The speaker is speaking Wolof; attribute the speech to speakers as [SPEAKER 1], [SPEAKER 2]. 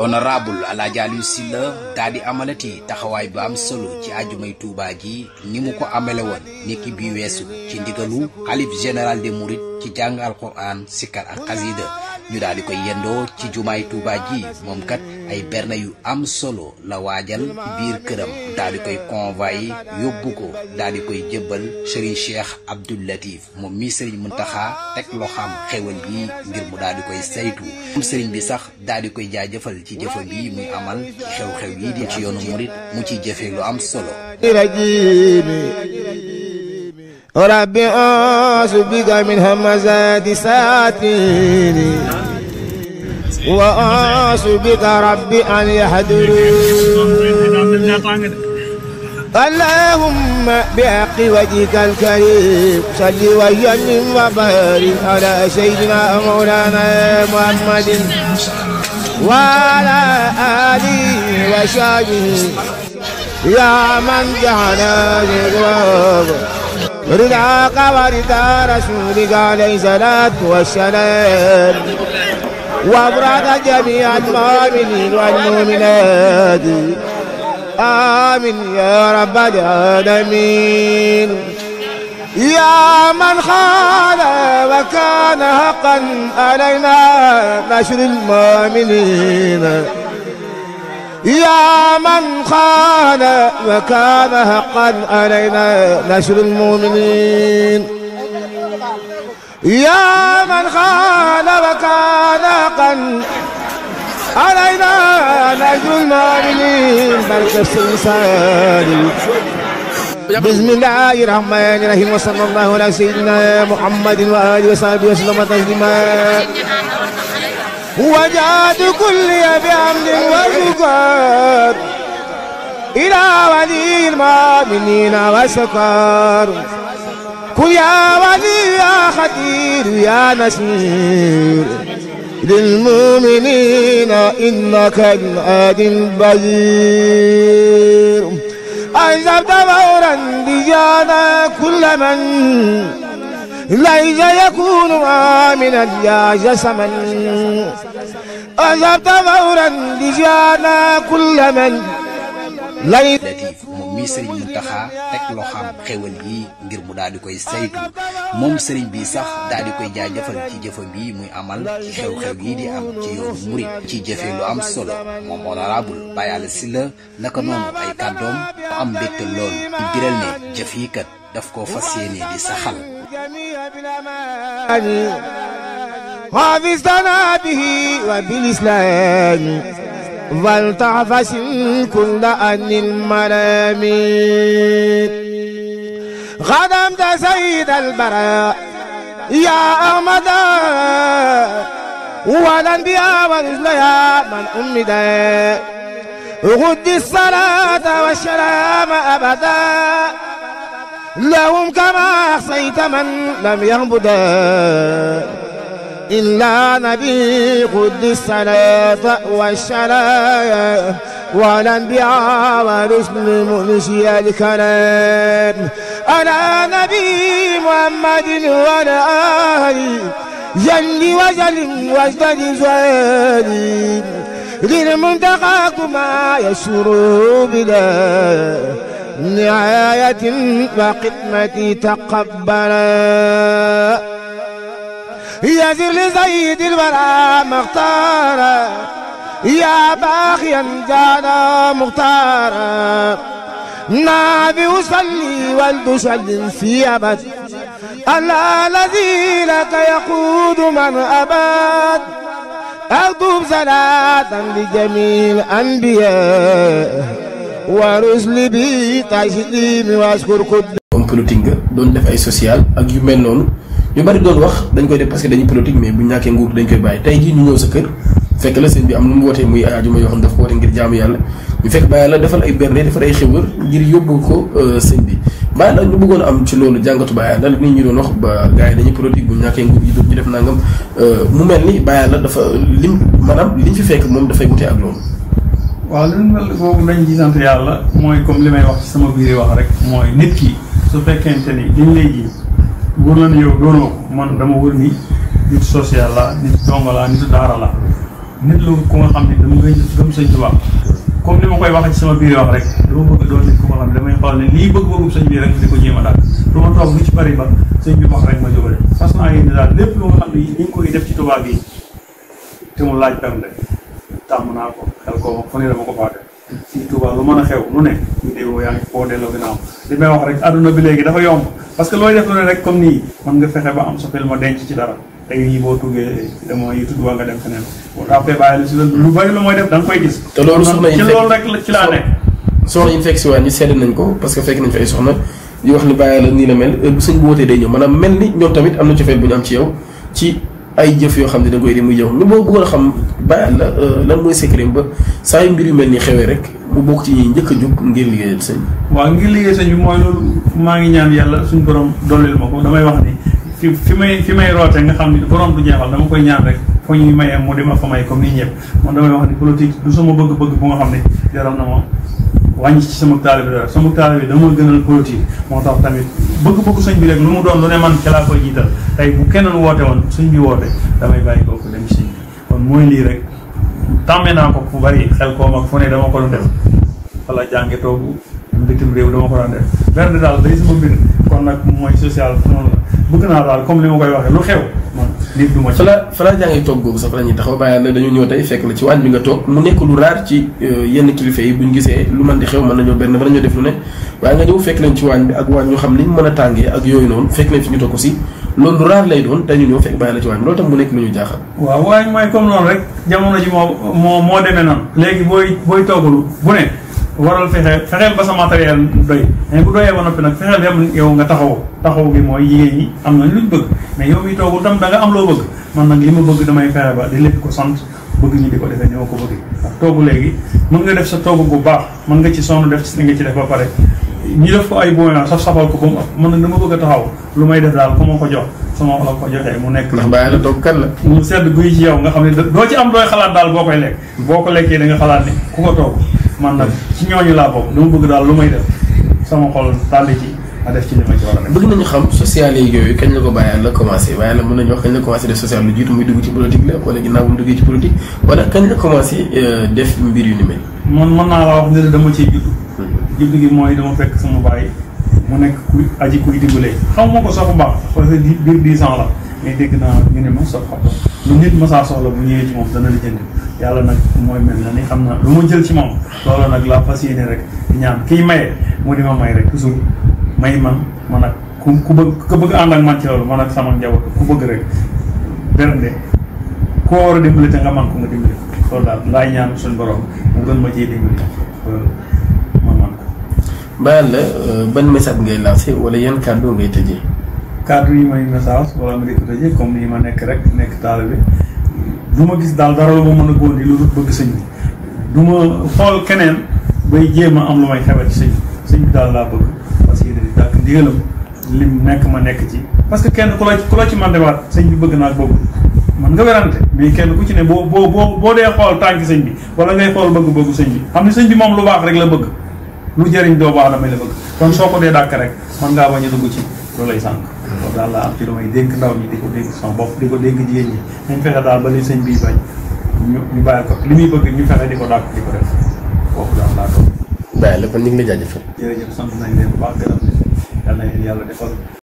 [SPEAKER 1] honorable Alaaji Aliou Sylla daal di amalati taxawaay bu am solo ci àjjumay Tuubaa ji ni mu ko amale woon niki bi weesu ci ndigalu xalif général des mourides ci jàng alquran sikkar ak xasida ñu daal di koy yendoo ci jumaay Tuubaa ji moom kat ay berne yu am solo la waajal biir këram daal di koy convoyé yóbbu ko daal di koy jébbal sëriñ Cheikh Abdoul Latif moom mii sëriñ Muntaxa teg xam xewal yi ngir mu daal di koy saytu moom sëriñ bi sax daal di koy jaajëfal ci jëfam yi muy amal ci xew-xew yi di ci yoonu murit mu ciy jëfe lu am solo
[SPEAKER 2] rabbi auusu bika min hamazaati saatini وأعوذ بك ربي أن يحضرون اللهم بحق وجهك الكريم صل وسلم وبارك على سيدنا مولانا محمد
[SPEAKER 1] وعلى
[SPEAKER 2] آله وصحبه يا من جعل الغرب رضاك ورضا رسولك عليه الصلاة والسلام وأبراد جميع المؤمنين والمؤمنات آمين يا رب العالمين يا من خان وكان حقا علينا نشر المؤمنين يا من خان وكان حقا علينا نشر المؤمنين يا من خان وكان قن علينا نجر المؤمنين بل الإنسان بسم الله الرحمن الرحيم وصلى الله على سيدنا محمد وآله وصحبه وسلم تسليما وجعت كل بعمد وشكر إلى ولي المؤمنين وسكر قل يا ولي يا خدير يا نسير للمؤمنين إنك الاد البير أنزلت دورا ديانا كل من ليس يكون آمنا يا جسما أنزلت دورا ديانا كل من
[SPEAKER 1] ليس bi sëriñ Muntaxa teg loxoom xéwal yi ngir mu daal di koy saytu moom sëriñ bi sax daal di koy jaajëfal ci jëfam bi muy amal ci xew-xew yi di am ci yoonu murit ci jëfe lu am solo moom honorable Baye Alla Sylla naka noonu ay kàddoom mu am mbégte lool di biral ne jëf yi kat daf koo fas yéene di saxal
[SPEAKER 2] wa bi sana bihi wa bil islaam ولتعفس كل أن المرامي غدمت سيد البراء يا أحمد والأنبياء يا من أمد غد الصلاة والسلام أبدا لهم كما أحصيت من لم يهبدا إلا نبي قد الصلاة والشلاة والأنبياء والرسل منشي الكلام على نبي محمد وعلى آله جل وجل وجل زوالي للمنتقى ما يسر بلا نعاية وقدمة تقبلا يزر لزيد الورى مختارا يا باقيا جانا مختارا نابي وصلي والبشل في أبد الله الذي لك يقود من أبد أكتب صلاة لجميع
[SPEAKER 1] الأنبياء ورسل بي تسليم واشكر كل. politique nga doon def ay social ak yu mel noonu. ñu bari doon wax dañ koy def parce que dañuy politique mais bu ñàkkee nguur dañ koy bàyyi tey jii ñu ñëw sa kër fekk la seen bi am lu mu wootee muy aaju yoo xam ngir jaamu yàlla ko euh, seen bi bàyyi la ñu bëggoon ci loolu jàngatu ba gars yi dañuy politique bu ñàkkee nguur yi euh, mu mel ni bàyyi la dafa lim maanaam liñ fi fekk moom dafay wute ak loolu.
[SPEAKER 3] waaw li mu mel boobu nañ ci sant yàlla mooy comme li may wax sama biir wax rek mooy nit ki su fekkente ni dañ lay ji wóor na ne yow doonoo man dama wër ni nit social la nit donga la nit daara la nit lu ku nga xam ne dama ngay gëm sëñ Tuubaa comme ni ma koy waxee ci sama biir wax rek dama bëgg rek di ko jéem a daal du ma toog lu ci bari ba sëñ bi wax rek ma jógale fas naa yéene daal lépp lu nga xam ne ñu koy def ci Tuubaa bi te mu laaj perm de tàmm naa ko xel koo ma dama ko faa def suñ Tuubaa lu mën a xew lu ne vidéo yaa ngi koo delloo ginnaaw li may wax rek àdduna bi léegi dafa yomb parce que looy def lu comme nii mën nga fexe am sa film ma ci dara tey yi boo tuggee eh, dama yi tudd waa bari lu def da nga gis te loolu soxna ci loolu
[SPEAKER 1] rek ci laa nekk soxna yi fekk si waa ñi sedd nañ ko parce que fekk nañ fi ay soxna yu wax ni bàyyi la nii la mel bu sëñ bu wootee day ñëw maanaam mel ni ñoom tamit am na cofeel bu ñu am ci yow ci ay jëf yoo xam ne da koy di muy jëf lu boo bëggoon a xam bàyyi la euh, lan mooy secret ba saa yu mbir yu mel ni xewee rek mu bokk ci ñi njëkk a jóg ngir liggéeyal sëñ bi
[SPEAKER 3] waaw ngir liggéey sëñ bi mooy loolu maa ngi ñaan yàlla suñu borom dolleel ma ko damay wax ni fi fi may fi may roote nga xam ni borom du jeexal dama koy ñaan rek foo ñuy mayee mu dima fa may comme nii ñëpp man damay wax ni politique du sama bëgg-bëgg bu nga xam ne jaral na moom wàññi ci sama taalibe dara sama taalibe dama gënal politique moo tax tamit bëgg-bëgg sëñ bi rek lu mu doon lu ne man ca laa koy jiital tey bu a woote woon suñ bi woote damay bàyyi kooku dem sëñ bi kon mooy lii rek tàmmee naa ko fu bari xel koom ak fu ne dama ko doon def wala jànge toogu bitim réew dama ko doon def benn daal day sama
[SPEAKER 1] mbir kon nag mooy social noonu la bëgg naa daal comme li ma koy waxee lu xew man lii du ma fa la fa la jàngee toog googu sax fa la ñuy taxaw bàyyi na dañu ñëw tey fekk la ci waañ bi nga toog mu nekk lu raar ci euh, yenn kilifa yi buñ gisee benn mën nañoo def lu ne waaye nga ñëw fekk leen ci bi ak waañ ñu xam liñ mën a tàngee ak yooyu noonu fekk leen fi ñu toog aussi loolu lu raar lay doon te ñu ñëw fekk bàyyi la ci waañ bi loolu tam mu nekk lu ñu jaaxal waaw waaye mooy comme noonu rek jamono ji moo moo moo demee noonu léegi booy
[SPEAKER 3] booy toogul bu ne waral fexe fexeel ba sa matériel doy mais bu doyee ba noppi nag fexeel yam yow nga taxaw taxaw bi mooy jigéen ñi am nañ luñ bëgg mais yow mi toogul tam da nga am loo bëgg man nag li ma bëgg damay fexe ba di lépp ko sant bëgg ñi di ko defee ñoo ko bëgg ndax toogu léegi mën nga def sa toogu bu baax mën nga ci sonn def ci nga ci def ba pare ñi def ko ay booyaan saf safal ko ba mu ëpp man nag dama bëgg a taxaw lu may def daal ku ma ko jox sama la ko joxee mu nekk ndax bàyyi la toog kan la mu sedd guy ci yow nga xam ne doo ci am dooy xalaat daal boo koy lekk boo ko lekkee da nga xalaat ne ku ko
[SPEAKER 1] toog man nag ci ñooñu laa bokk dama bëgg daal lu may def sama xol tàlli ci ma def ci li ma ci war a def. bëgg nañu xam social yi yooyu kañ la ko Baye Alla commencé Baye Alla mën nañu wax kañ la commencé def social lu jiitu muy dugg ci politique la wala ginnaaw bu mu duggee ci politique wala kañ la commencé euh, def mbir yu ni mel. man naa la wax ne dama cee juddu. Hmm. juddu gi mooy dama fekk sama baay mu nekk
[SPEAKER 3] kuy aji kuy dimbalee xam ma ko soxu baax parce que biir dix ans la dégg naa ñu ne ma soxla saa soxla bu ñëwee ci moom dana la yalla nak moy mel na ni xamna lu mu jël ci mom lolo nak la fasiyene rek di ñaan ki may mu di ma may rek toujours may ma ma nak ku ku bëgg ku bëgg and ak man ci loolu ma nak sama njaboot ku bëgg rek bernde koo war dimbali te nga man ko nga dimbali loolu daal laay ñaan suñu borom mu gën ma
[SPEAKER 1] ci dimbali ma man ko bal la euh, ban message ngay lancé wala yeen cadeau ngay tejé cadeau yi may message wala ma di ko tëjee comme ni ma nek rek
[SPEAKER 3] nek talibé du ma gis daal dara lu ma mën a góor di lu bëgg sëñ bi du ma xool keneen bay jéem a am lu may xebet ci sëñ bi sëñ daal laa bëgg parce que yéen a dàkk ndigalam lim nekk ma nekk ci. parce que kenn ku la ku la ci man dewaat sëñ bi bëgg naa boobu man nga werante mais kenn ku ci ne boo boo boo boo dee xool tànki sëñ bi wala ngay xool bëgg-bëggu sëñ bi xam ne sëñ bi moom lu baax rek la bëgg lu jëriñ doo baax damay la bëgg kon soo ko dee dàkk rek man ngaa bañ a dugg ci loolay sànq. loolu daal laa am ci lu may dénk ndaw ñi di ko dénk sama bopp di ko dénk jigéen ñi nañ fexe daal ba li sañ bii bañ ñu ñu bàyyi ko li muy bëgg ñu fexe di ko dàq di ko def
[SPEAKER 1] foofu daal laa ko. bàyyi la kon ñu ngi lay jaajëfal.
[SPEAKER 3] jërëjëf sant nañ leen bu baax gërëm yàlla na leen yàlla defal.